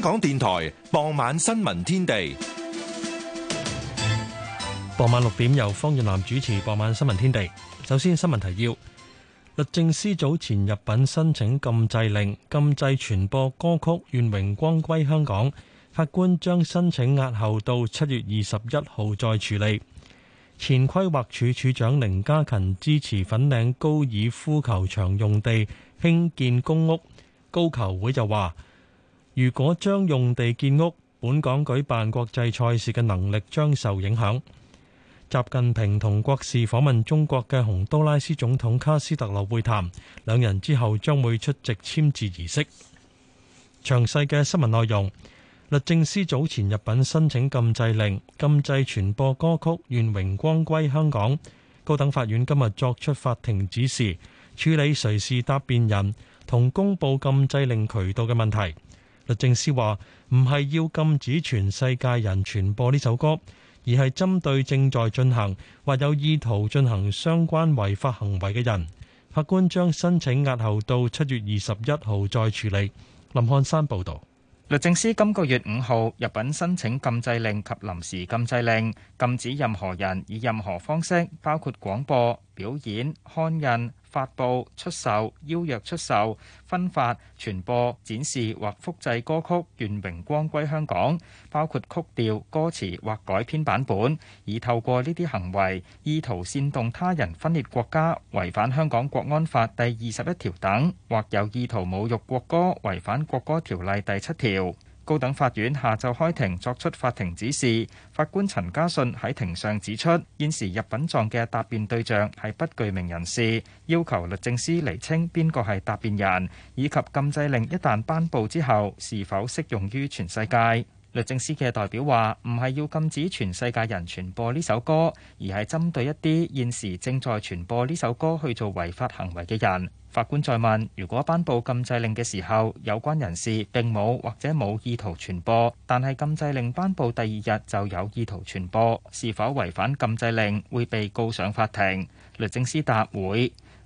香港電台傍晚新聞天地，傍晚六點由方月蘭主持。傍晚新聞天地，首先新聞提要：律政司早前入禀申請禁制令，禁制傳播歌曲《願榮光歸香港》，法官將申請押後到七月二十一號再處理。前規劃署,署署長林家勤支持粉嶺高爾夫球場用地興建公屋，高球會就話。如果將用地建屋，本港舉辦國際賽事嘅能力將受影響。習近平同國事訪問中國嘅洪都拉斯總統卡斯特羅會談，兩人之後將會出席簽字儀式。詳細嘅新聞內容，律政司早前入稟申請禁制令，禁制傳播歌曲《願榮光歸香港》。高等法院今日作出法庭指示，處理誰是答辯人同公佈禁制令渠道嘅問題。律政司話唔係要禁止全世界人傳播呢首歌，而係針對正在進行或有意圖進行相關違法行為嘅人。法官將申請押後到七月二十一號再處理。林漢山報道。律政司今個月五號入稟申請禁制令及臨時禁制令，禁止任何人以任何方式，包括廣播。表演、刊印、發佈、出售、邀約出售、分發、傳播、展示或複製歌曲《願榮光歸香港》，包括曲調、歌詞或改編版本，以透過呢啲行為意圖煽動他人分裂國家、違反香港國安法第二十一條等，或有意圖侮辱國歌、違反國歌條例第七條。高等法院下晝開庭作出法庭指示，法官陳家信喺庭上指出，現時入稟狀嘅答辯對象係不具名人士，要求律政司釐清邊個係答辯人，以及禁制令一旦頒布之後是否適用於全世界。律政司嘅代表話：唔係要禁止全世界人傳播呢首歌，而係針對一啲現時正在傳播呢首歌去做違法行為嘅人。法官再問：如果頒布禁制令嘅時候，有關人士並冇或者冇意圖傳播，但係禁制令頒布第二日就有意圖傳播，是否違反禁制令，會被告上法庭？律政司答：會。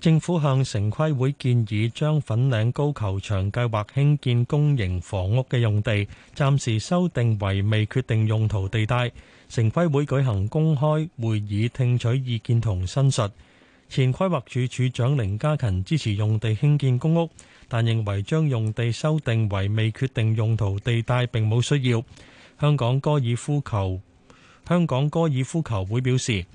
政府向城規會建議，將粉嶺高球場計劃興建公營房屋嘅用地，暫時修訂為未決定用途地帶。城規會舉行公開會議，聽取意見同申述。前規劃署，署署長凌嘉勤支持用地興建公屋，但認為將用地修訂為未決定用途地帶，並冇需要。香港哥爾夫球香港哥爾夫球會表示。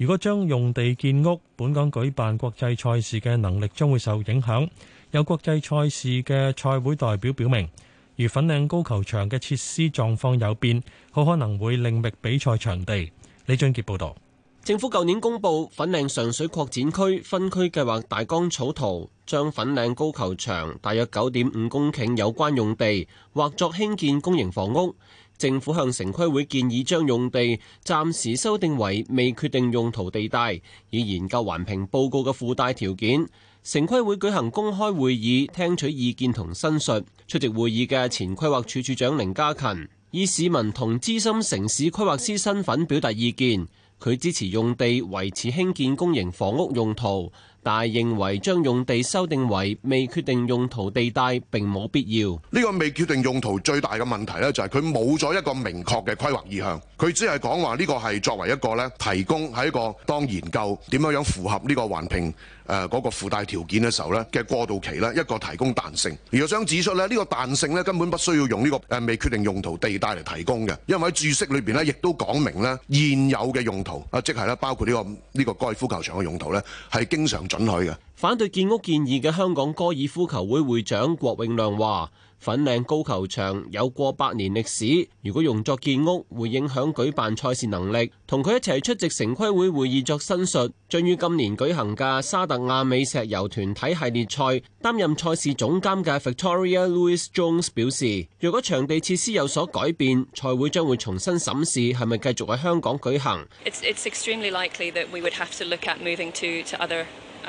如果將用地建屋，本港舉辦國際賽事嘅能力將會受影響。有國際賽事嘅賽會代表表明，如粉嶺高球場嘅設施狀況有變，好可能會另覓比賽場地。李俊傑報導。政府舊年公布粉嶺上水擴展區分區計劃大綱草圖，將粉嶺高球場大約九點五公頃有關用地，劃作興建公營房屋。政府向城規會建議將用地暫時修訂為未決定用途地帶，以研究環評報告嘅附帶條件。城規會舉行公開會議，聽取意見同申述。出席會議嘅前規劃署署長凌家勤以市民同資深城市規劃師身份表達意見，佢支持用地維持興建公營房屋用途。但係認為將用地修訂為未決定用途地帶，並冇必要。呢個未決定用途最大嘅問題呢，就係佢冇咗一個明確嘅規劃意向，佢只係講話呢個係作為一個呢，提供，喺一個當研究點樣樣符合呢個環評。誒嗰個附帶條件嘅時候呢，嘅過渡期呢，一個提供彈性。如果想指出咧，呢個彈性咧，根本不需要用呢個誒未決定用途地帶嚟提供嘅，因為喺注釋裏邊呢，亦都講明呢現有嘅用途啊，即係啦，包括呢個呢個高爾夫球場嘅用途呢，係經常准許嘅。反對建屋建議嘅香港高爾夫球會會長郭永亮話。粉嶺高球場有過百年歷史，如果用作建屋，會影響舉辦賽事能力。同佢一齊出席城規會會議作申述，將於今年舉行嘅沙特亞美石油團體系列賽擔任賽事總監嘅 Victoria Louis Jones 表示，若果場地設施有所改變，賽會將會重新審視係咪繼續喺香港舉行。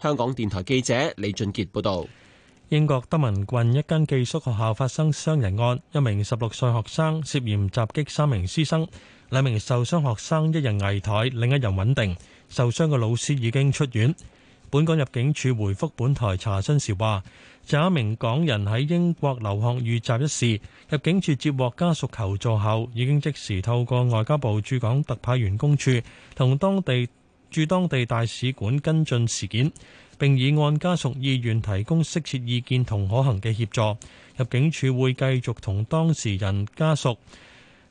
香港電台記者李俊杰報道：英國德文郡一間寄宿學校發生傷人案，一名十六歲學生涉嫌襲擊三名師生，兩名受傷學生一人危殆，另一人穩定。受傷嘅老師已經出院。本港入境處回覆本台查詢時話，就一名港人喺英國留學遇襲一事，入境處接獲家屬求助後，已經即時透過外交部駐港特派員公署同當地。駐當地大使館跟進事件，並已按家屬意願提供適切意見同可行嘅協助。入境處會繼續同當事人家屬、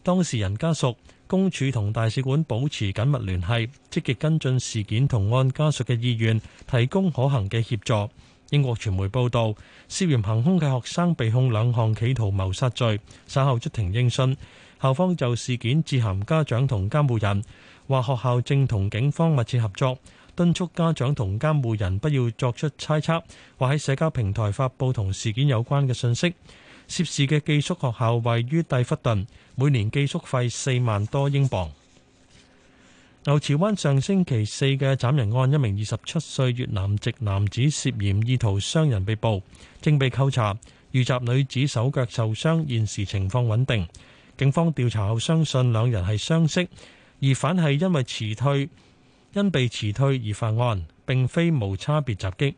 當事人家屬、公署同大使館保持緊密聯繫，積極跟進事件同按家屬嘅意願提供可行嘅協助。英國傳媒報導，涉嫌行兇嘅學生被控兩項企圖謀殺罪，稍後出庭應訊。校方就事件致函家長同監護人。話學校正同警方密切合作，敦促家長同監護人不要作出猜測，或喺社交平台發布同事件有關嘅信息。涉事嘅寄宿學校位於蒂弗頓，每年寄宿費四萬多英鎊。牛池灣上星期四嘅斬人案，一名二十七歲越南籍男子涉嫌意圖傷人被捕，正被扣查。遇襲女子手腳受傷，現時情況穩定。警方調查後相信兩人係相識。而反係因為辭退，因被辭退而犯案，並非無差別襲擊。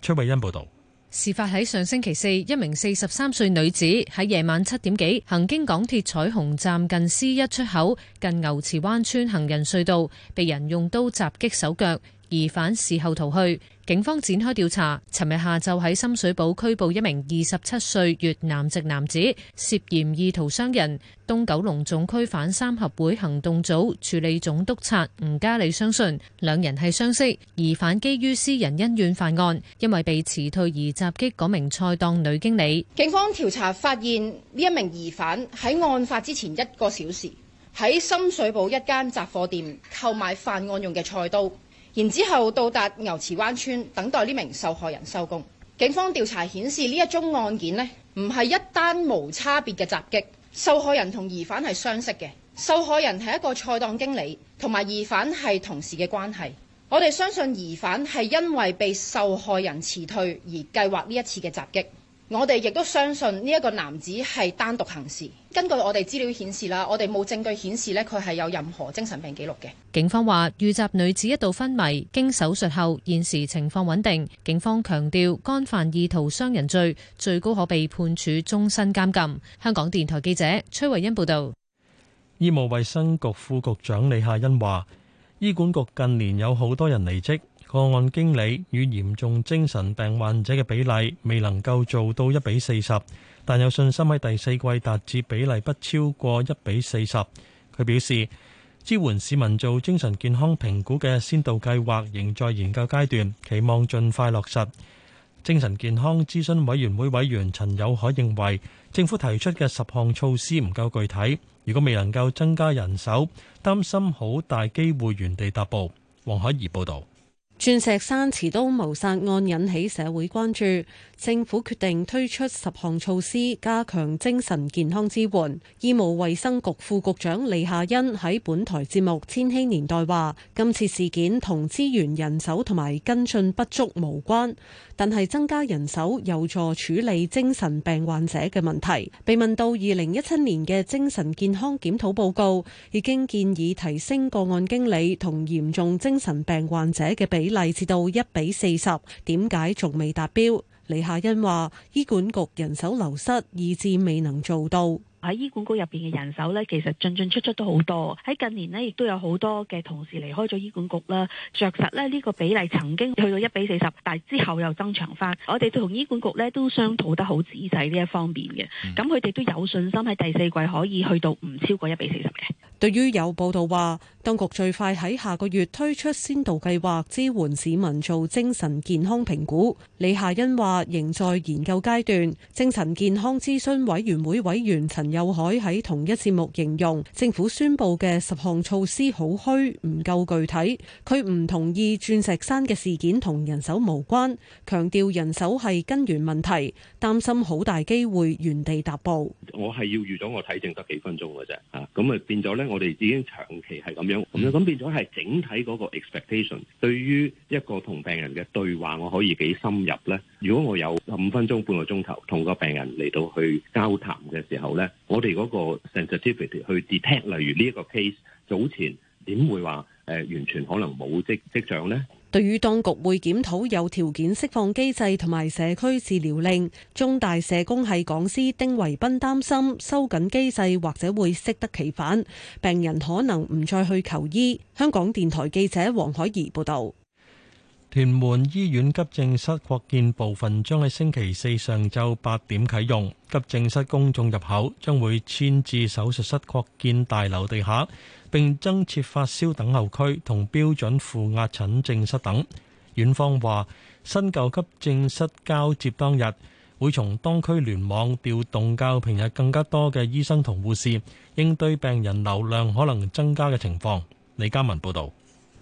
崔慧欣報導，事發喺上星期四，一名四十三歲女子喺夜晚七點幾，行經港鐵彩虹站近 C 一出口，近牛池灣村行人隧道，被人用刀襲擊手腳。疑犯事後逃去，警方展開調查。尋日下晝喺深水埗拘捕一名二十七歲越南籍男子，涉嫌意圖傷人。東九龍總區反三合會行動組處理總督察吳嘉利相信，兩人係相識，疑犯基於私人恩怨犯案，因為被辭退而襲擊嗰名菜檔女經理。警方調查發現，呢一名疑犯喺案發之前一個小時喺深水埗一間雜貨店購買犯案用嘅菜刀。然之後到達牛池灣村等待呢名受害人收工。警方調查顯示呢一宗案件呢唔係一單無差別嘅襲擊，受害人同疑犯係相識嘅。受害人係一個菜檔經理，同埋疑犯係同事嘅關係。我哋相信疑犯係因為被受害人辭退而計劃呢一次嘅襲擊。我哋亦都相信呢一個男子係單獨行事。根據我哋資料顯示啦，我哋冇證據顯示呢佢係有任何精神病記錄嘅。警方話遇襲女子一度昏迷，經手術後現時情況穩定。警方強調，干犯意圖傷人罪，最高可被判處終身監禁。香港電台記者崔慧欣報道。醫務衛生局副局長李夏欣話，醫管局近年有好多人離職。個案經理與嚴重精神病患者嘅比例未能夠做到一比四十，但有信心喺第四季達至比例不超過一比四十。佢表示，支援市民做精神健康評估嘅先導計劃仍在研究階段，期望盡快落實。精神健康諮詢委員會委員陳友凱認為，政府提出嘅十項措施唔夠具體，如果未能夠增加人手，擔心好大機會原地踏步。黃海怡報道。鑽石山持刀謀殺案引起社會關注。政府決定推出十項措施加強精神健康支援。醫務衛生局副局長李夏欣喺本台節目《千禧年代》話：今次事件同資源人手同埋跟進不足無關，但係增加人手有助處理精神病患者嘅問題。被問到二零一七年嘅精神健康檢討報告已經建議提升個案經理同嚴重精神病患者嘅比例至到一比四十，點解仲未達標？李夏欣話：醫管局人手流失，以致未能做到。喺醫管局入邊嘅人手咧，其實進進出出都好多。喺近年呢，亦都有好多嘅同事離開咗醫管局啦。着實咧，呢個比例曾經去到一比四十，但係之後又增長翻。我哋都同醫管局咧都商討得好仔細呢一方面嘅，咁佢哋都有信心喺第四季可以去到唔超過一比四十嘅。對於有報道話，當局最快喺下個月推出先導計劃支援市民做精神健康評估，李夏欣話仍在研究階段。精神健康諮詢委員會委員陳有海喺同一節目形容，政府宣布嘅十項措施好虛，唔夠具體。佢唔同意鑽石山嘅事件同人手無關，強調人手係根源問題，擔心好大機會原地踏步。我係要預咗我睇症得幾分鐘嘅啫，嚇咁咪變咗呢？aja 我哋已經長期係咁樣咁樣，咁變咗係整體嗰個 expectation，對於一個同病人嘅對話，我可以幾深入咧？如果我有十五分鐘、半個鐘頭同個病人嚟到去交談嘅時候咧，我哋嗰個 sensitivity 去 detect，例如呢一個 case 早前點會話誒、呃、完全可能冇跡跡象咧？對於當局會檢討有條件釋放機制同埋社區治療令，中大社工系講師丁維斌擔心收緊機制或者會適得其反，病人可能唔再去求醫。香港電台記者黃海怡報道。屯門醫院急症室擴建部分將喺星期四上晝八點啟用，急症室公眾入口將會遷至手術室擴建大樓地下。並增設發燒等候區同標準負壓診症室等。院方話，新舊急症室交接當日，會從當區聯網調動較平日更加多嘅醫生同護士，應對病人流量可能增加嘅情況。李嘉文報道。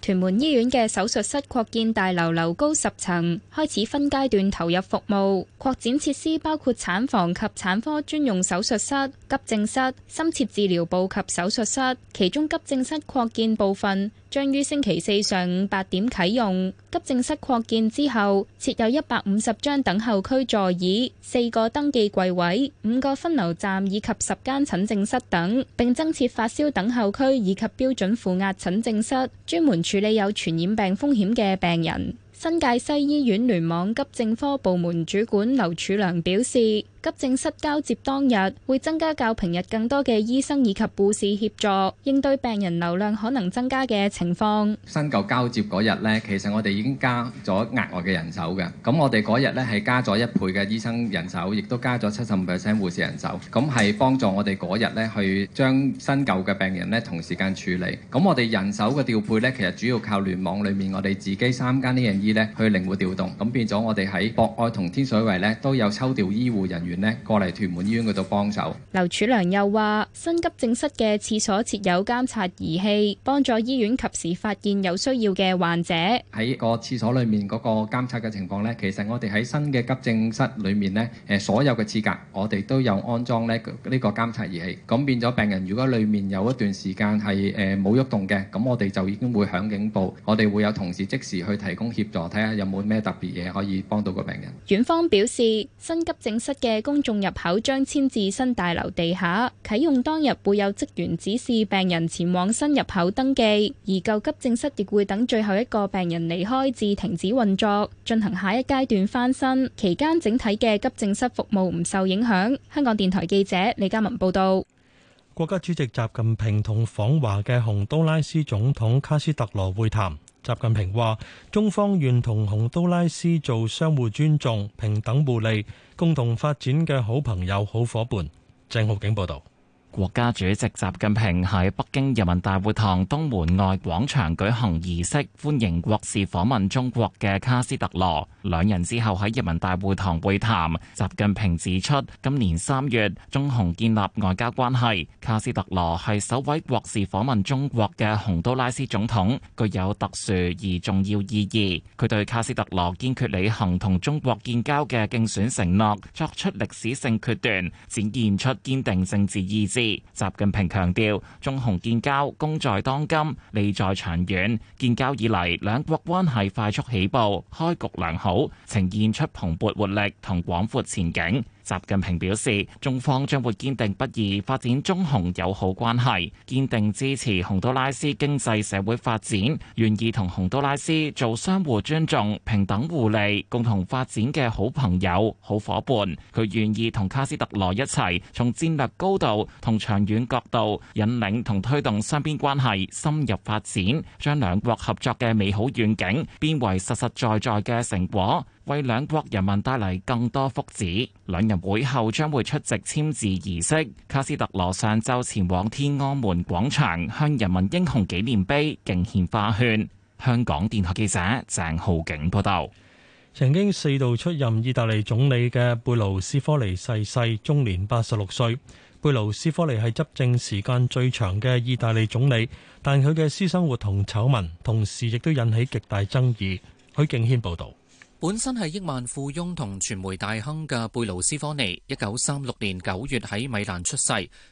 屯門醫院嘅手術室擴建大樓樓高十層，開始分階段投入服務。擴展設施包括產房及產科專用手術室、急症室、深切治療部及手術室。其中急症室擴建部分。將於星期四上午八點啟用。急症室擴建之後，設有一百五十張等候區座椅、四個登記櫃位、五個分流站以及十間診症室等，並增設發燒等候區以及標準負壓診症室，專門處理有傳染病風險嘅病人。新界西醫院聯網急症科部門主管劉柱良表示。急症室交接當日會增加較平日更多嘅醫生以及護士協助應對病人流量可能增加嘅情況。新舊交接嗰日呢，其實我哋已經加咗額外嘅人手嘅。咁我哋嗰日呢，係加咗一倍嘅醫生人手，亦都加咗七十五 percent 護士人手。咁係幫助我哋嗰日呢，去將新舊嘅病人呢，同時間處理。咁我哋人手嘅調配呢，其實主要靠聯網裏面我哋自己三間呢樣醫呢去靈活調動。咁變咗我哋喺博愛同天水圍呢，都有抽調醫護人員。咧過嚟屯門醫院嗰度幫手。劉柱良又話：新急症室嘅廁所設有監察儀器，幫助醫院及時發現有需要嘅患者。喺個廁所裏面嗰個監察嘅情況咧，其實我哋喺新嘅急症室裏面咧，誒所有嘅廁格我哋都有安裝咧呢個監察儀器。咁變咗病人如果裡面有一段時間係誒冇喐動嘅，咁我哋就已經會響警報，我哋會有同事即時去提供協助，睇下有冇咩特別嘢可以幫到個病人。院方表示，新急症室嘅公眾入口將遷至新大樓地下，啟用當日會有職員指示病人前往新入口登記，而舊急症室亦會等最後一個病人離開，至停止運作，進行下一階段翻新期間，整體嘅急症室服務唔受影響。香港電台記者李嘉文報道。國家主席習近平同訪華嘅洪都拉斯總統卡斯特羅會談。習近平話：中方願同洪都拉斯做相互尊重、平等互利、共同發展嘅好朋友、好夥伴。鄭浩景報道。國家主席習近平喺北京人民大會堂東門外廣場舉行儀式，歡迎國事訪問中國嘅卡斯特羅。兩人之後喺人民大會堂會談。習近平指出，今年三月中洪建立外交關係，卡斯特羅係首位國事訪問中國嘅洪都拉斯總統，具有特殊而重要意義。佢對卡斯特羅堅決履行同中國建交嘅競選承諾作出歷史性決斷，展現出堅定政治意志。習近平強調，中韓建交功在當今，利在長遠。建交以嚟，兩國關係快速起步，開局良好，呈現出蓬勃活力同廣闊前景。習近平表示，中方將會堅定不移發展中洪友好關係，堅定支持洪都拉斯經濟社會發展，願意同洪都拉斯做相互尊重、平等互利、共同發展嘅好朋友、好伙伴。佢願意同卡斯特羅一齊，從戰略高度同長遠角度，引領同推動雙邊關係深入發展，將兩國合作嘅美好願景變為實實在在嘅成果。為兩國人民帶嚟更多福祉。兩日會後將會出席簽字儀式。卡斯特羅上晝前往天安門廣場向人民英雄紀念碑敬獻花圈。香港電台記者鄭浩景報道：曾經四度出任意大利總理嘅貝盧斯科尼逝世，終年八十六歲。貝盧斯科尼係執政時間最長嘅意大利總理，但佢嘅私生活同醜聞同時亦都引起極大爭議。許敬軒報道。本身係億萬富翁同傳媒大亨嘅貝盧斯科尼，一九三六年九月喺米蘭出世，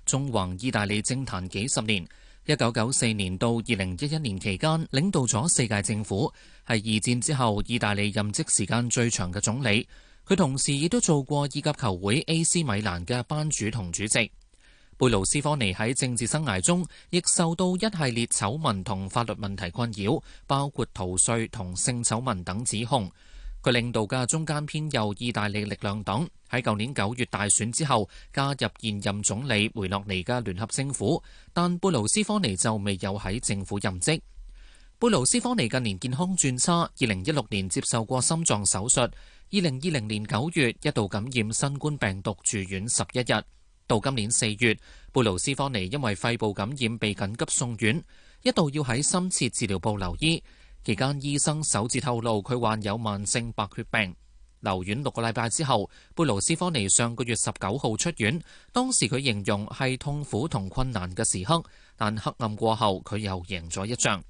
縱橫意大利政壇幾十年。一九九四年到二零一一年期間領導咗四屆政府，係二戰之後意大利任職時間最長嘅總理。佢同時亦都做過意甲球會 AC 米蘭嘅班主同主席。貝盧斯科尼喺政治生涯中，亦受到一系列醜聞同法律問題困擾，包括逃稅同性醜聞等指控。佢領導嘅中間偏右意大利力量黨喺舊年九月大選之後加入現任總理梅洛尼嘅聯合政府，但貝魯斯科尼就未有喺政府任職。貝魯斯科尼近年健康轉差，二零一六年接受過心臟手術，二零二零年九月一度感染新冠病毒住院十一日，到今年四月，貝魯斯科尼因為肺部感染被緊急送院，一度要喺深切治療部留醫。期間，醫生首次透露佢患有慢性白血病。留院六個禮拜之後，貝盧斯科尼上個月十九號出院，當時佢形容係痛苦同困難嘅時刻。但黑暗過後，佢又贏咗一仗。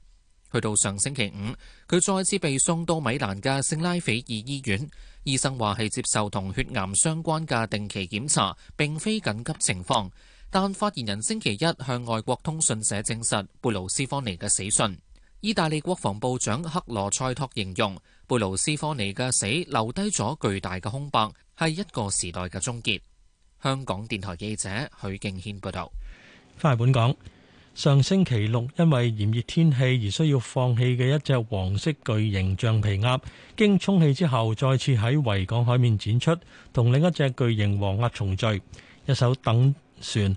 去到上星期五，佢再次被送到米蘭嘅聖拉斐爾醫院，醫生話係接受同血癌相關嘅定期檢查，並非緊急情況。但發言人星期一向外國通訊社證實貝盧斯科尼嘅死訊。意大利國防部長克羅塞托形容，貝盧斯科尼嘅死留低咗巨大嘅空白，係一個時代嘅終結。香港電台記者許敬軒報道。翻嚟，本港，上星期六因為炎熱天氣而需要放棄嘅一隻黃色巨型橡皮鴨，經充氣之後再次喺維港海面展出，同另一隻巨型黃鴨重聚。一艘等船。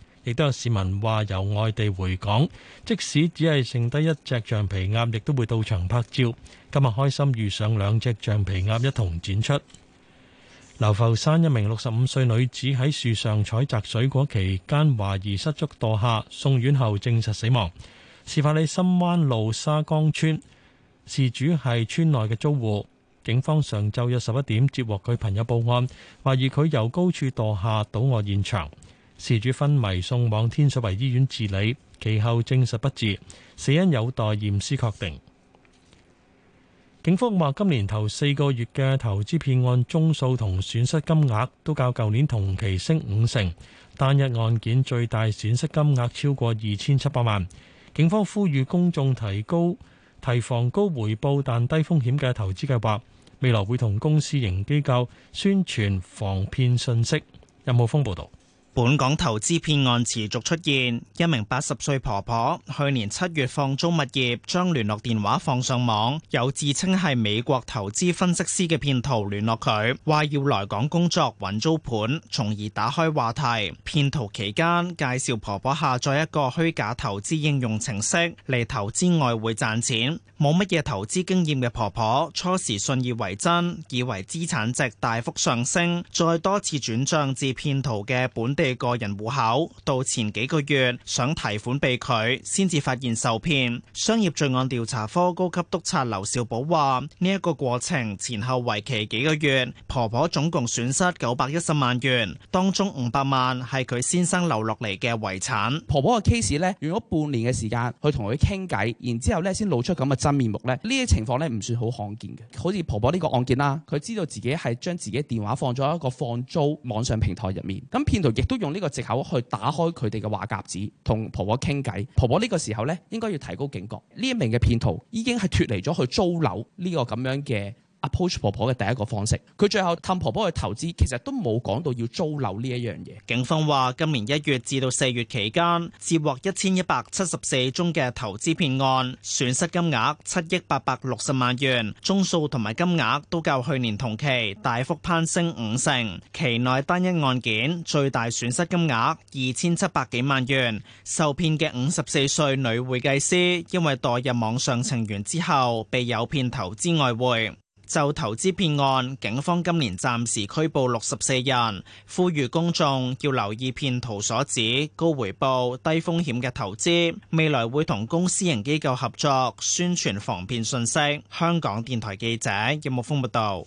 亦都有市民話由外地回港，即使只係剩低一隻橡皮鴨，亦都會到場拍照。今日開心遇上兩隻橡皮鴨一同展出。流浮山一名六十五歲女子喺樹上採摘水果期間，懷疑失足墮下，送院後證實死亡。事發喺深灣路沙江村，事主係村內嘅租戶。警方上晝約十一點接獲佢朋友報案，懷疑佢由高處墮下，倒臥現場。事主昏迷，送往天水圍醫院治理，其後證實不治，死因有待驗屍確定。警方話，今年頭四個月嘅投資騙案宗數同損失金額都較舊年同期升五成，單日案件最大損失金額超過二千七百萬。警方呼籲公眾提高提防高回報但低風險嘅投資計劃，未來會同公私營機構宣傳防騙信息。任浩峰報道。本港投資騙案持續出現，一名八十歲婆婆去年七月放租物業，將聯絡電話放上網，有自稱係美國投資分析師嘅騙徒聯絡佢，話要來港工作揾租盤，從而打開話題。騙徒期間介紹婆婆下載一個虛假投資應用程式嚟投資外匯賺錢，冇乜嘢投資經驗嘅婆婆初時信以為真，以為資產值大幅上升，再多次轉賬至騙徒嘅本借個人戶口，到前幾個月想提款俾佢，先至發現受騙。商業罪案調查科高級督察劉少寶話：呢一個過程前後為期幾個月，婆婆總共損失九百一十萬元，當中五百萬係佢先生留落嚟嘅遺產。婆婆嘅 case 咧，用咗半年嘅時間去同佢傾偈，然之後咧先露出咁嘅真面目咧。呢啲情況咧唔算好罕見嘅，好似婆婆呢個案件啦，佢知道自己係將自己電話放咗一個放租網上平台入面，咁騙徒亦。都用呢個藉口去打開佢哋嘅話匣子，同婆婆傾偈。婆婆呢個時候咧，應該要提高警覺。呢一名嘅騙徒已經係脫離咗去租樓呢個咁樣嘅。Approach 婆婆嘅第一個方式，佢最後氹婆婆去投資，其實都冇講到要租樓呢一樣嘢。警方話，今年一月至到四月期間接獲一千一百七十四宗嘅投資騙案，損失金額七億八百六十萬元，宗數同埋金額都較去年同期大幅攀升五成。期內單一案件最大損失金額二千七百幾萬元。受騙嘅五十四歲女會計師因為墮入網上情緣之後被誘騙投資外匯。就投資騙案，警方今年暫時拘捕六十四人，呼籲公眾要留意騙徒所指高回報低風險嘅投資，未來會同公私營機構合作宣傳防騙信息。香港電台記者葉木峯報道。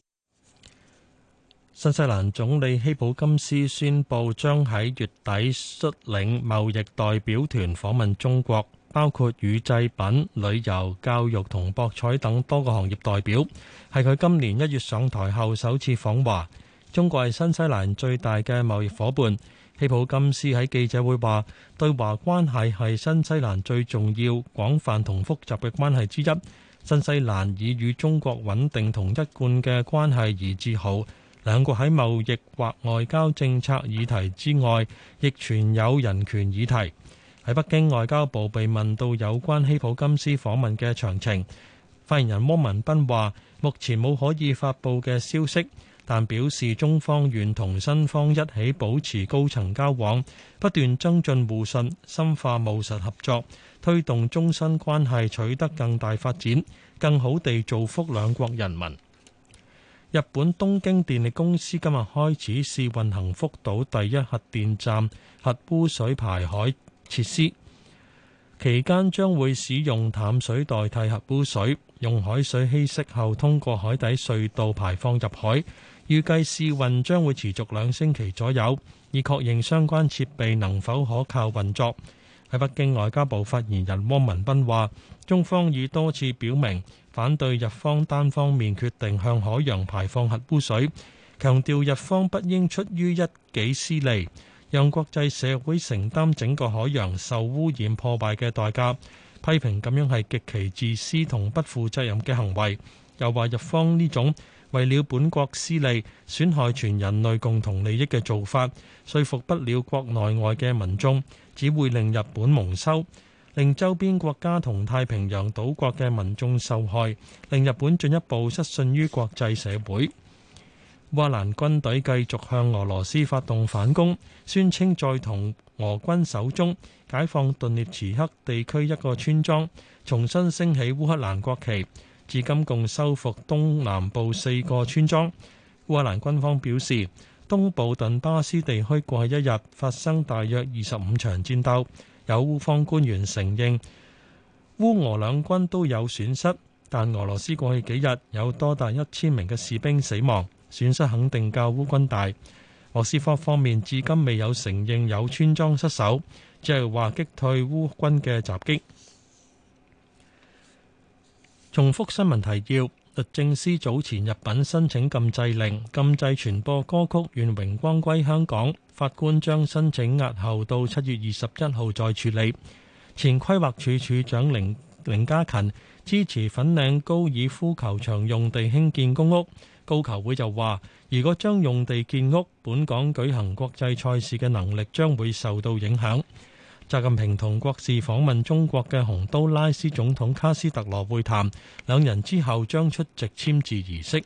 新西蘭總理希普金斯宣布將喺月底率領貿易代表團訪問中國，包括乳製品、旅遊、教育同博彩等多個行業代表，係佢今年一月上台後首次訪華。中國係新西蘭最大嘅貿易伙伴。希普金斯喺記者會話：對華關係係新西蘭最重要、廣泛同複雜嘅關係之一。新西蘭以與中國穩定同一貫嘅關係而自豪。兩國喺貿易或外交政策議題之外，亦存有人權議題。喺北京外交部被問到有關希普金斯訪問嘅詳情，發言人汪文斌話：目前冇可以發布嘅消息，但表示中方願同新方一起保持高層交往，不斷增進互信，深化務實合作，推動中新關係取得更大發展，更好地造福兩國人民。日本東京電力公司今日開始試運行福島第一核電站核污水排海。設施期間將會使用淡水代替核污水，用海水稀釋後通過海底隧道排放入海。預計試運將會持續兩星期左右，以確認相關設備能否可靠運作。喺北京外交部發言人汪文斌話，中方已多次表明反對日方單方面決定向海洋排放核污水，強調日方不應出於一己私利。讓國際社會承擔整個海洋受污染破壞嘅代價，批評咁樣係極其自私同不負責任嘅行為。又話日方呢種為了本國私利，損害全人類共同利益嘅做法，說服不了國內外嘅民眾，只會令日本蒙羞，令周邊國家同太平洋島國嘅民眾受害，令日本進一步失信於國際社會。烏克蘭軍隊繼續向俄羅斯發動反攻，宣稱再同俄軍手中解放頓涅茨克地區一個村莊，重新升起烏克蘭國旗。至今共收復東南部四個村莊。烏克蘭軍方表示，東部頓巴斯地區過去一日發生大約二十五場戰鬥，有烏方官員承認烏俄兩軍都有損失，但俄羅斯過去幾日有多達一千名嘅士兵死亡。損失肯定較烏軍大。莫斯科方面至今未有承認有村莊失守，只係話擊退烏軍嘅襲擊。重複新聞提要：律政司早前入禀申請禁制令，禁制傳播歌曲《願榮光歸香港》，法官將申請押後到七月二十一號再處理。前規劃署署長凌凌嘉勤支持粉嶺高爾夫球場用地興建公屋。高球會就話：如果將用地建屋，本港舉行國際賽事嘅能力將會受到影響。習近平同國事訪問中國嘅洪都拉斯總統卡斯特羅會談，兩人之後將出席簽字儀式。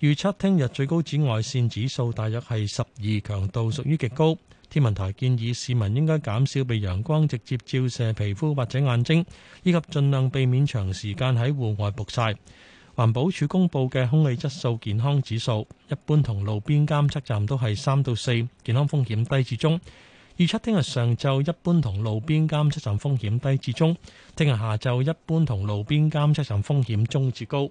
預測聽日最高紫外線指數大約係十二，強度屬於極高。天文台建議市民應該減少被陽光直接照射皮膚或者眼睛，以及盡量避免長時間喺戶外曝曬。環保署公布嘅空氣質素健康指數，一般同路邊監測站都係三到四，健康風險低至中。預測聽日上晝一般同路邊監測站風險低至中，聽日下晝一般同路邊監測站風險中至高。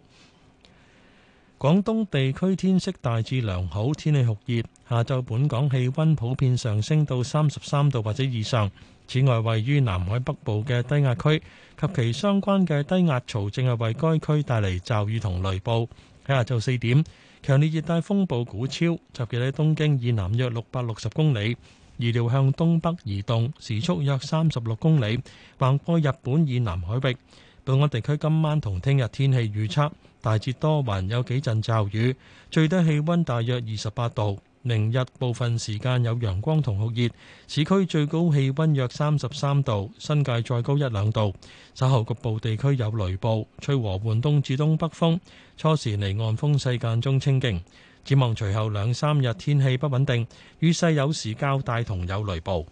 廣東地區天色大致良好，天氣酷熱，下晝本港氣溫普遍上升到三十三度或者以上。此外，位於南海北部嘅低壓區及其相關嘅低壓槽，正係為該區帶嚟驟雨同雷暴。喺下晝四點，強烈熱帶風暴古超集結喺東京以南約六百六十公里，預料向東北移動，時速約三十六公里，橫過日本以南海域。本港地區今晚同聽日天氣預測，大致多雲，有幾陣驟雨，最低氣温大約二十八度。明日部分時間有陽光同酷熱，市區最高氣温約三十三度，新界再高一兩度。稍後局部地區有雷暴，吹和緩東至東北風，初時離岸風勢間中清勁。展望隨後兩三日天氣不穩定，雨勢有時較大同有雷暴。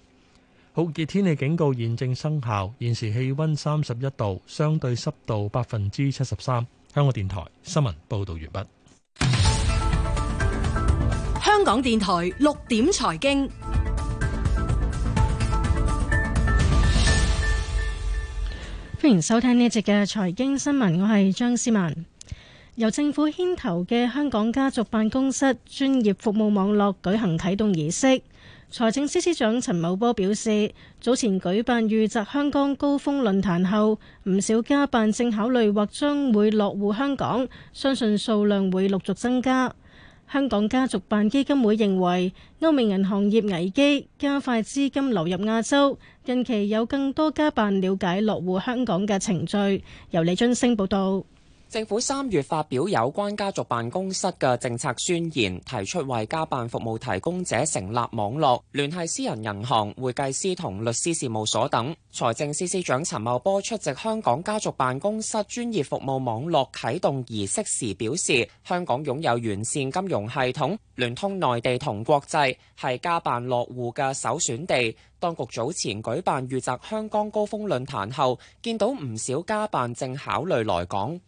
酷熱天氣警告現正生效，現時氣温三十一度，相對濕度百分之七十三。香港電台新聞報導完畢。香港電台六點財經，歡迎收聽呢一節嘅財經新聞。我係張思文。由政府牽頭嘅香港家族辦公室專業服務網絡舉行啟動儀式。財政司司長陳茂波表示，早前舉辦裕澤香港高峰論壇後，唔少家辦正考慮或將會落戶香港，相信數量會陸續增加。香港家族辦基金會認為歐美銀行業危機加快資金流入亞洲，近期有更多家辦了解落戶香港嘅程序。由李津升報導。政府三月發表有關家族辦公室嘅政策宣言，提出為家辦服務提供者成立網絡、聯繫私人銀行、會計師同律師事務所等。財政司司長陳茂波出席香港家族辦公室專業服務網絡啟動儀式時表示，香港擁有完善金融系統，聯通內地同國際，係家辦落戶嘅首選地。當局早前舉辦裕澤香港高峰論壇後，見到唔少家辦正考慮來港。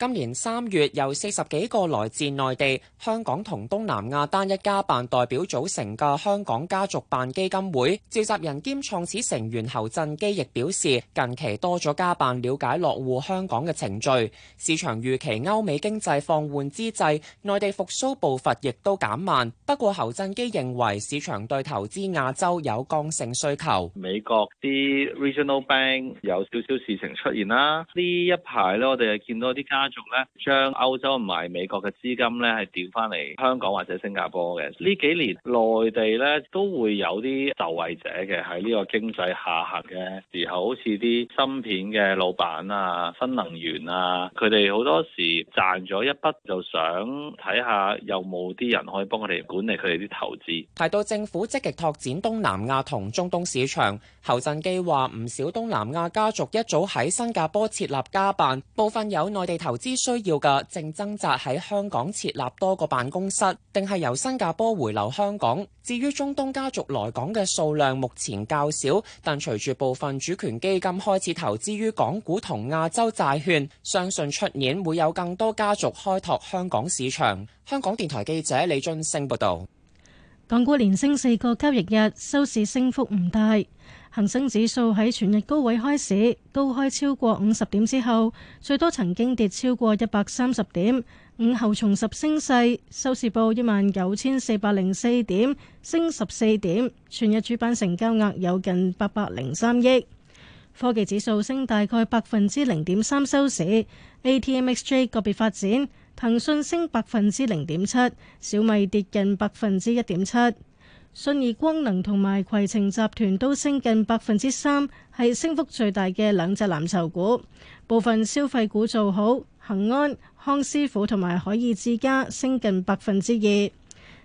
今年三月，由四十幾個來自內地、香港同東南亞單一家辦代表組成嘅香港家族辦基金會召集人兼創始成員侯振基亦表示，近期多咗家辦了解落戶香港嘅程序。市場預期歐美經濟放緩之際，內地復甦步伐亦都減慢。不過侯振基認為市場對投資亞洲有剛性需求。美國啲 regional bank 有少少事情出現啦，呢一排咧，我哋係見到啲家仲咧將歐洲同埋美國嘅資金咧係調翻嚟香港或者新加坡嘅。呢幾年內地咧都會有啲受惠者嘅喺呢個經濟下行嘅時候，好似啲芯片嘅老闆啊、新能源啊，佢哋好多時賺咗一筆就想睇下有冇啲人可以幫佢哋管理佢哋啲投資。提到政府積極拓展東南亞同中東市場，侯振基話：唔少東南亞家族一早喺新加坡設立家辦，部分有內地投。之需要嘅正掙扎喺香港設立多個辦公室，定係由新加坡回流香港。至於中東家族來港嘅數量目前較少，但隨住部分主權基金開始投資於港股同亞洲債券，相信出年會有更多家族開拓香港市場。香港電台記者李俊升報道。港股連升四個交易日，收市升幅唔大。恒生指數喺全日高位開市，高開超過五十點之後，最多曾經跌超過一百三十點。午後重拾升勢，收市報一萬九千四百零四點，升十四點。全日主板成交額有近八百零三億。科技指數升大概百分之零點三，收市。ATMXJ 個別發展，騰訊升百分之零點七，小米跌近百分之一點七。信義光能同埋攜程集團都升近百分之三，係升幅最大嘅兩隻藍籌股。部分消費股做好，恒安、康師傅同埋海爾之家升近百分之二。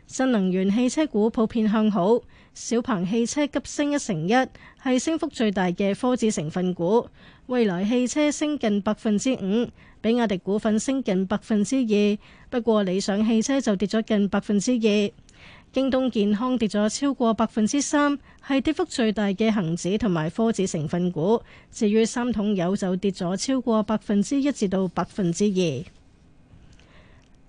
新能源汽車股普遍向好，小鵬汽車急升一成一，係升幅最大嘅科指成分股。蔚來汽車升近百分之五，比亞迪股份升近百分之二，不過理想汽車就跌咗近百分之二。京東健康跌咗超過百分之三，係跌幅最大嘅恒指同埋科指成分股。至於三桶油就跌咗超過百分之一至到百分之二。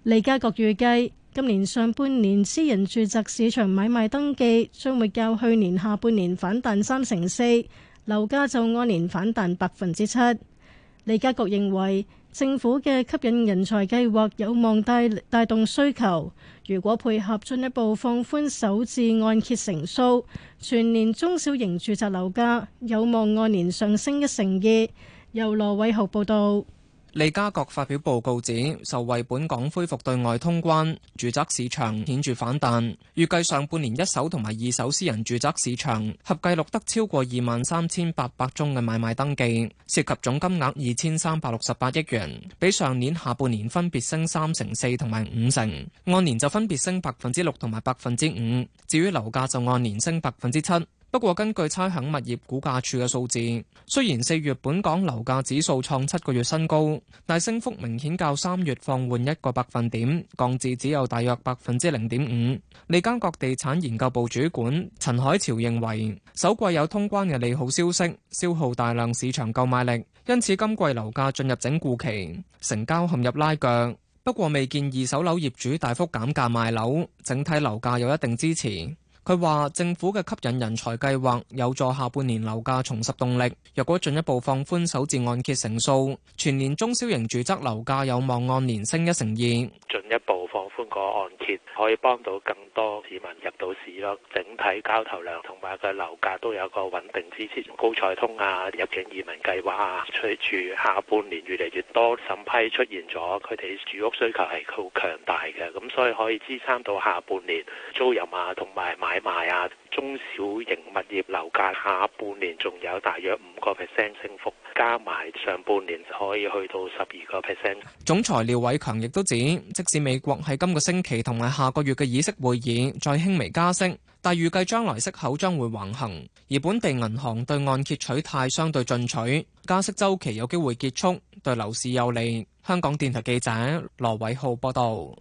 利嘉閣預計今年上半年私人住宅市場買賣登記將會較去年下半年反彈三成四，樓價就按年反彈百分之七。李家局認為政府嘅吸引人才計劃有望帶帶動需求，如果配合進一步放寬首置按揭成數，全年中小型住宅樓價有望按年上升一成二。由羅偉豪報道。利嘉閣發表報告指，受惠本港恢復對外通關，住宅市場顯著反彈。預計上半年一手同埋二手私人住宅市場合計錄得超過二萬三千八百宗嘅買賣登記，涉及總金額二千三百六十八億元，比上年下半年分別升三成四同埋五成，按年就分別升百分之六同埋百分之五。至於樓價就按年升百分之七。不過，根據差餉物業估價署嘅數字，雖然四月本港樓價指數創七個月新高，但升幅明顯較三月放緩一個百分點，降至只有大約百分之零點五。利嘉閣地產研究部主管陳海潮認為，首季有通關嘅利好消息，消耗大量市場購買力，因此今季樓價進入整固期，成交陷入拉鋸。不過，未見二手樓業主大幅減價賣樓，整體樓價有一定支持。佢話：政府嘅吸引人才計劃有助下半年樓價重拾動力。若果進一步放寬首置按揭成數，全年中小型住宅樓價有望按年升一成二。進一步放寬個按揭，可以幫到更多市民入到市咯。整體交投量同埋個樓價都有個穩定支持。高才通啊，入境移民計劃啊，隨住下半年越嚟越多審批出現咗，佢哋住屋需求係好強大嘅，咁所以可以支撐到下半年租賃啊，同埋買賣啊，中小型物業樓價下半年仲有大約五個 percent 升幅。加埋上半年可以去到十二個 percent。總裁廖偉強亦都指，即使美國喺今個星期同埋下個月嘅議息會議再輕微加息，但預計將來息口將會橫行，而本地銀行對按揭取貸相對進取，加息周期有機會結束，對樓市有利。香港電台記者羅偉浩報道。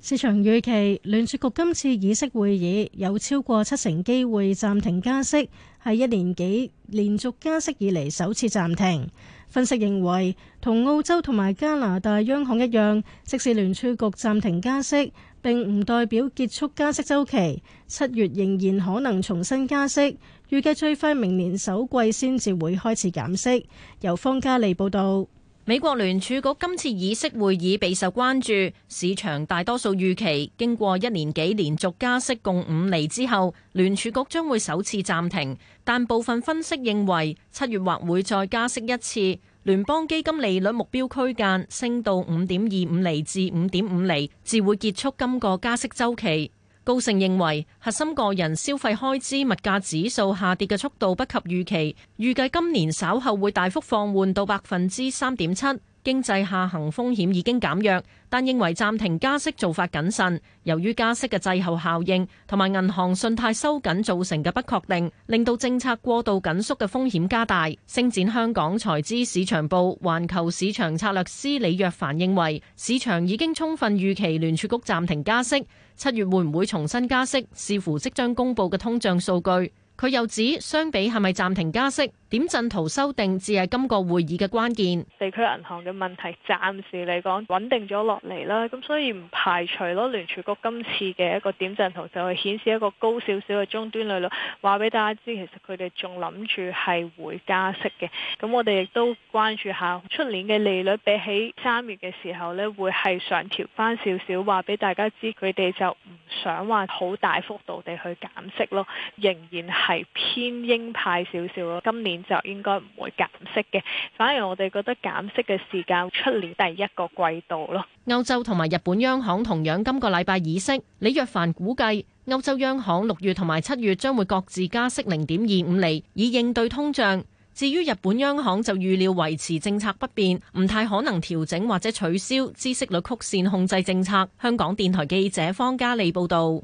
市場預期聯儲局今次議息會議有超過七成機會暫停加息，係一年幾連續加息以嚟首次暫停。分析認為，同澳洲同埋加拿大央行一樣，即使聯儲局暫停加息，並唔代表結束加息周期，七月仍然可能重新加息。預計最快明年首季先至會開始減息。由方嘉利報道。美國聯儲局今次議息會議備受關注，市場大多數預期經過一年幾連續加息共五厘之後，聯儲局將會首次暫停。但部分分析認為，七月或會再加息一次，聯邦基金利率目標區間升到五點二五厘至五點五厘，至會結束今個加息週期。高盛認為核心個人消費開支物價指數下跌嘅速度不及預期，預計今年稍後會大幅放緩到百分之三點七。經濟下行風險已經減弱，但認為暫停加息做法謹慎，由於加息嘅滯後效應同埋銀行信貸收緊造成嘅不確定，令到政策過度緊縮嘅風險加大。星展香港財資市場部環球市場策略師李若凡認為，市場已經充分預期聯儲局暫停加息。七月會唔會重新加息，視乎即將公佈嘅通脹數據。佢又指，相比係咪暫停加息，點陣圖修訂至係今個會議嘅關鍵。地區銀行嘅問題暫時嚟講穩定咗落嚟啦，咁所以唔排除咯聯儲局今次嘅一個點陣圖就會顯示一個高少少嘅終端利率。話俾大家知，其實，佢哋仲諗住係會加息嘅。咁我哋亦都關注下出年嘅利率比起三月嘅時候咧，會係上調翻少少。話俾大家知，佢哋就唔。想話好大幅度地去減息咯，仍然係偏鷹派少少咯。今年就應該唔會減息嘅，反而我哋覺得減息嘅時間出年第一個季度咯。歐洲同埋日本央行同樣今個禮拜議息，李若凡估計歐洲央行六月同埋七月將會各自加息零點二五厘，以應對通脹。至於日本央行就預料維持政策不變，唔太可能調整或者取消孳息率曲線控制政策。香港電台記者方嘉莉報導。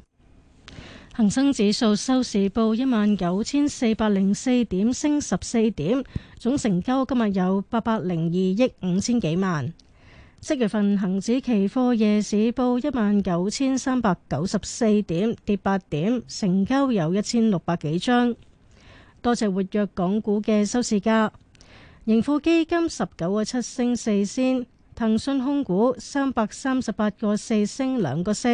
恒生指數收市報一萬九千四百零四點，升十四點，總成交今日有八百零二億五千幾萬。七月份恒指期貨夜市報一萬九千三百九十四點，跌八點，成交有一千六百幾張。多謝。活躍港股嘅收市價，盈富基金十九個七升四仙，騰訊控股三百三十八個四升兩個四，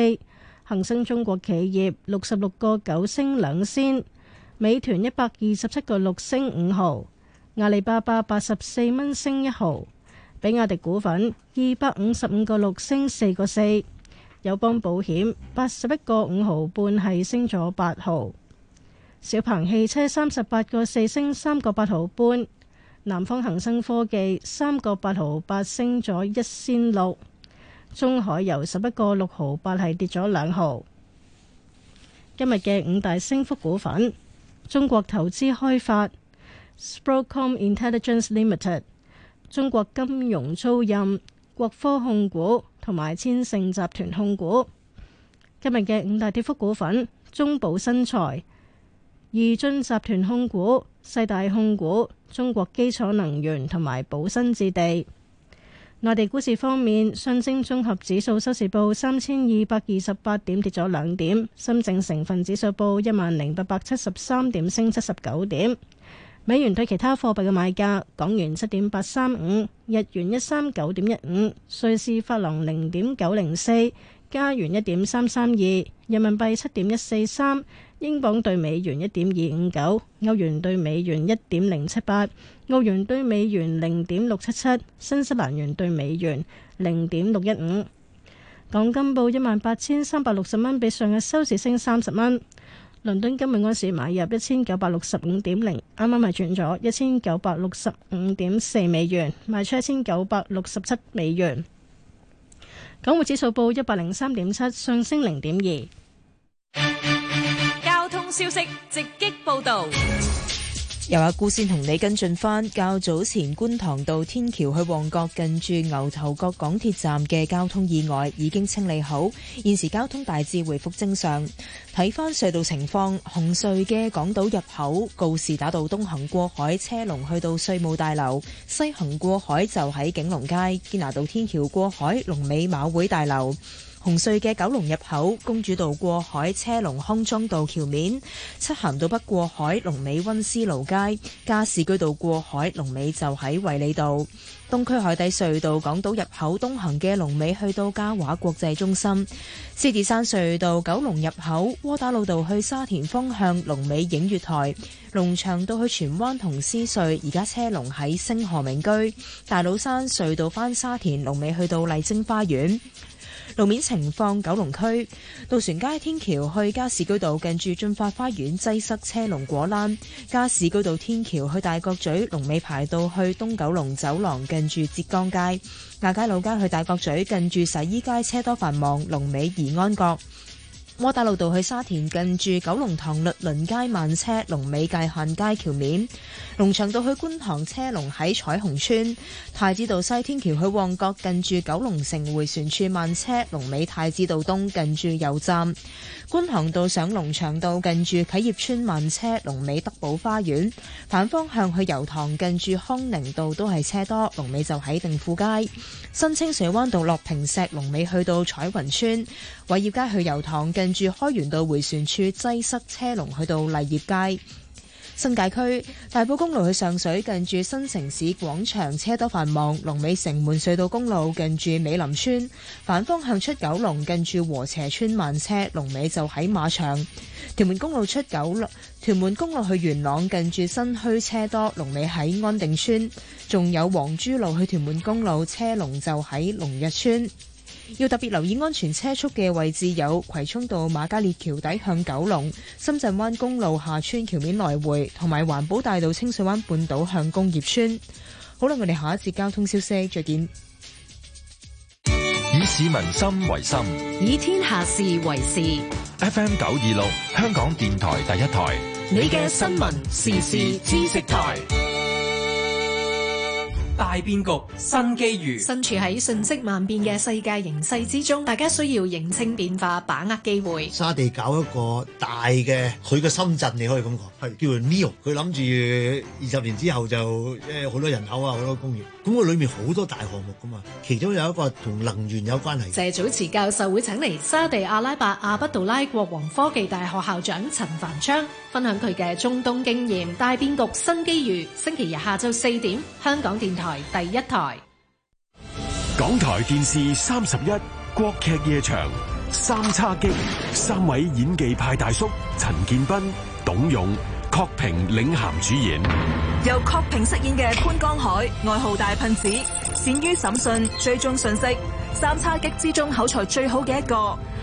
恒生中國企業六十六個九升兩仙，美團一百二十七個六升五毫，阿里巴巴八十四蚊升一毫，比亞迪股份二百五十五個六升四個四，友邦保險八十一個五毫半係升咗八毫。小鵬汽車三十八個四升三個八毫半，南方恒生科技三個八毫八升咗一仙六，中海油十一個六毫八係跌咗兩毫。今日嘅五大升幅股份：中國投資開發、Sprocomm Intelligence Limited、中國金融租賃、國科控股同埋千盛集團控股。今日嘅五大跌幅股份：中保新材。宜津集團控股、世大控股、中國基礎能源同埋寶新置地。內地股市方面，上證綜合指數收市報三千二百二十八點，跌咗兩點，深證成分指數報一萬零八百七十三點，升七十九點。美元兌其他貨幣嘅買價：港元七點八三五，日元一三九點一五，瑞士法郎零點九零四，加元一點三三二，人民幣七點一四三。英鎊兌美元一點二五九，歐元兌美元一點零七八，澳元兌美元零點六七七，新西蘭元兌美元零點六一五。港金報一萬八千三百六十蚊，比上日收市升三十蚊。倫敦金每安士買入一千九百六十五點零，啱啱係轉咗一千九百六十五點四美元，賣出一千九百六十七美元。港匯指數報一百零三點七，上升零點二。消息直擊報道，由阿顧先同你跟進翻較早前觀塘道天橋去旺角近住牛頭角港鐵站嘅交通意外已經清理好，現時交通大致回復正常。睇翻隧道情況，紅隧嘅港島入口告士打道東行過海車龍去到稅務大樓，西行過海就喺景隆街堅拿道天橋過海龍尾馬會大樓。紅隧嘅九龍入口，公主道過海車龍，康莊道橋面；漆咸道北過海，龍尾溫思勞街；加士居道過海，龍尾就喺維理道。東區海底隧道港島入口東行嘅龍尾去到嘉華國際中心；獅子山隧道九龍入口，窩打老道去沙田方向，龍尾映月台；龍翔道去荃灣同獅隧，而家車龍喺星河名居；大老山隧道返沙田，龍尾去到麗晶花園。路面情況，九龍區渡船街天橋去加士居道近住進發花園擠塞車龍果欄；加士居道天橋去大角咀龍尾排到去東九龍走廊近住浙江街；亞皆老老街去大角咀近住洗衣街車多繁忙，龍尾宜安閣。摩打路道去沙田近住九龍塘律倫街慢車，龍尾界限街橋面；龍翔道去觀塘車龍喺彩虹村，太子道西天橋去旺角近住九龍城回旋處慢車，龍尾太子道東近住油站；觀塘道上龍翔道近住啟業邨慢車，龍尾德寶花園。反方向去油塘近住康寧道都係車多，龍尾就喺定富街。新清水灣道落坪石龍尾去到彩雲村，偉業街去油塘近。住開源道回旋處擠塞車龍，去到勵業街。新界區大埔公路去上水，近住新城市廣場車多繁忙，龍尾城門隧道公路近住美林村，反方向出九龍近住和斜村慢車，龍尾就喺馬場。屯門公路出九龍，屯門公路去元朗近住新墟車多，龍尾喺安定村。仲有黃珠路去屯門公路，車龍就喺龍日村。要特別留意安全車速嘅位置有葵涌道瑪嘉烈橋底向九龍、深圳灣公路下村橋面來回同埋環保大道清水灣半島向工業村。好啦，我哋下一節交通消息，再見。以市民心為心，以天下事為事。FM 九二六，香港電台第一台，你嘅新聞時事知識台。大變局，新機遇。身處喺瞬息萬變嘅世界形勢之中，大家需要認清變化，把握機會。沙地搞一個大嘅，佢嘅深圳你可以咁講，係叫做 Neo，佢諗住二十年之後就即好多人口啊，好多工業，咁佢裏面好多大項目噶嘛，其中有一個同能源有關係。謝祖慈教授會請嚟沙地阿拉伯阿卜杜拉國王科技大學校長陳繁昌分享佢嘅中東經驗。大變局，新機遇。星期日下晝四點，香港電台。第一台，港台電視三十一國劇夜場三叉戟，三位演技派大叔陳建斌、董勇、郝平領銜主演，由郝平飾演嘅潘江海，外號大噴子，善於審訊、追蹤信息，三叉戟之中口才最好嘅一個。